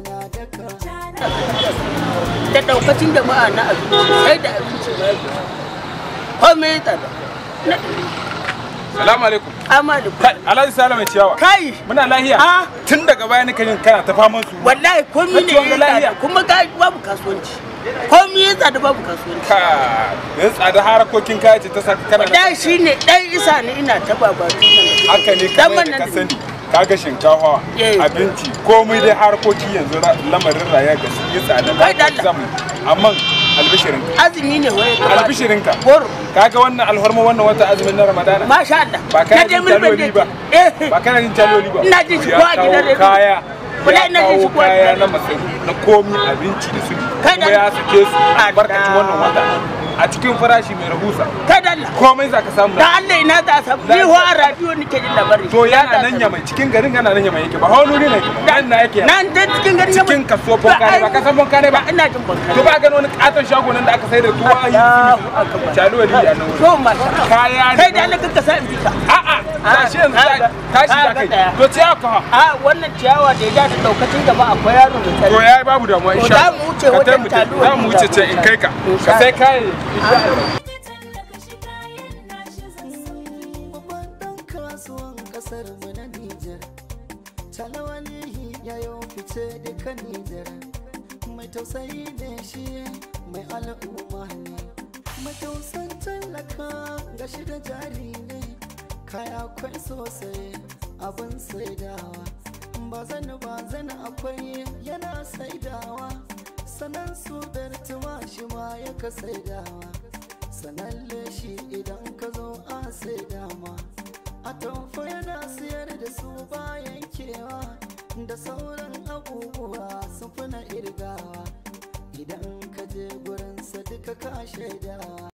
tana daka da daukacin jama'a na sai da Salamu alaikum. Amalikum. Alhaji Salama ciyawa. Kai. Muna lahiya. A. Tun daga baya nika yin kana ta faman su. Wallahi komi ne ya tsada kuma ga babu kasuwanci. Komi ya tsada babu kasuwanci. Ka. Yan tsada harakokin kaya ce ta saka kana. Dai shine dai isa ne ina ta babatu. Haka ne kamar ka sani. kaga shinkafa eh. abinci komai dai harkoki yanzu lamarin raya ga su yi tsada ba ka zamu amma albishirin azumi ne wai albishirin ka kaga wannan alhorma wannan wata azumin na ramadana masha Allah ba kana jin taloli ba eh. ba kana jin taloli ba ina jin shi a gidan kaya kula ina jin shi kaya na masarufi na komai abinci da su kuma ya sake su albarkacin wannan wata a cikin farashi mai rahusa kadalla komai za ka samu da Allah ina za samu ni wa radio nake jin labarin to ya yana nan yamai cikin garin kana nan yamai yake ba Ha wani ne yake nan na yake nan dan cikin garin yamai cikin kaso bonkare ba ka san bonkare ba ina jin bonkare to ba ga wani katon shago nan da aka sayar da tuwa yi Allahu akbar chalu wali ya nan to ma kaya ne kai da Allah kanka sa in bi bika a'a tashi yanzu shi da kai to a wannan ciyawa da ya ta daukacin gaba akwai da to yayi babu insha Allah mu wuce wajen mu wuce in ka ka sai na Nijar fice tausayi ne shi mai al'umma ne mai tausan ga shi da kaya akwai sosai abin saidawa ba zan ba zan akwai yana saidawa sanan su ma shi ma yaka saidawa sanan leshi idan ka zo a saidama a tamfa yana siyar da su bayan kewa da sauran abubuwa sun fi na irgawa idan ka je gurinsa duka ka shaidawa